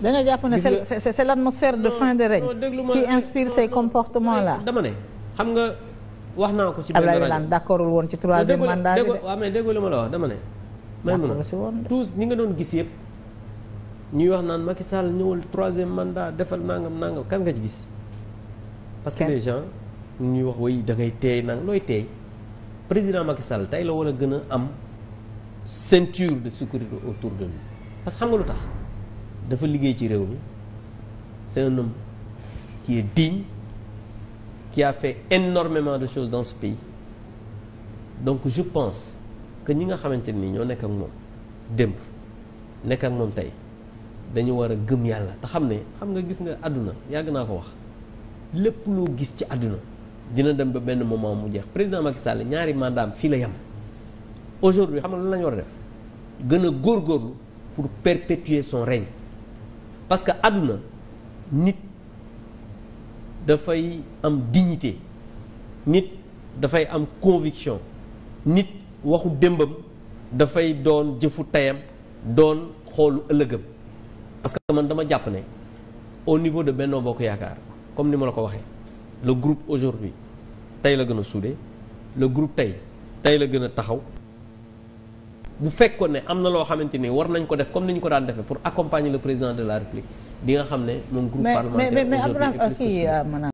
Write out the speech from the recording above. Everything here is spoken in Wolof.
dañoo jàpp ne c'est c'est l'atmosphère de fin de règne qui inspire ces comportements là. dama ne xam nga wax naa ko ci benn rajo Abdoulaye Wade d'accordul woon ci troisième mandat bi de. waaw mais déggoo li ma la nga doon gis yëpp. ñuy wax naan Macky Sall ñëwal troisième mandat defal nangam nangam kan nga ci gis. parce que les gens ñuy wax way da ngay teey nang looy teey président Macky Sall tey la war a gën a am ceinture de sécurité autour de lui parce que xam nga lu tax. dafa liggéey ci réew mi c'est un homme qui est digne qui fait énormément de choses dans ce pays donc je pense que ñi nga xamante nii ñoo nekk ak moom démb nekk ak moom tey dañu war a gëm yàlla te xam ne xam nga gis nga àdduna yàgg naa ko wax lépp loo gis ci àdduna dina dem ba benn moment mu jeex président Macky Sall ñaari mandaam fii la yem aujourd'hui xam nga lan la war a def gën a góor góorgóorlu pour perpétuer son règne parce que àdduna nit dafay am dignité nit dafay am conviction nit waxu démbam dafay doon jëfu tayam doon xoolu ëllëgam parce que man dama jàpp ne au niveau de Benno Bokk Yaakaar comme ni ma la ko waxee le groupe aujourd'hui tey la gën a soudé le groupe tey tey la gën a taxaw bu fekkoon ne am na loo xamante ni war nañ ko def comme ni ñu ko daan defee pour accompagner le président de la République di nga xam ne moom groupe parlementaire aujourd'hui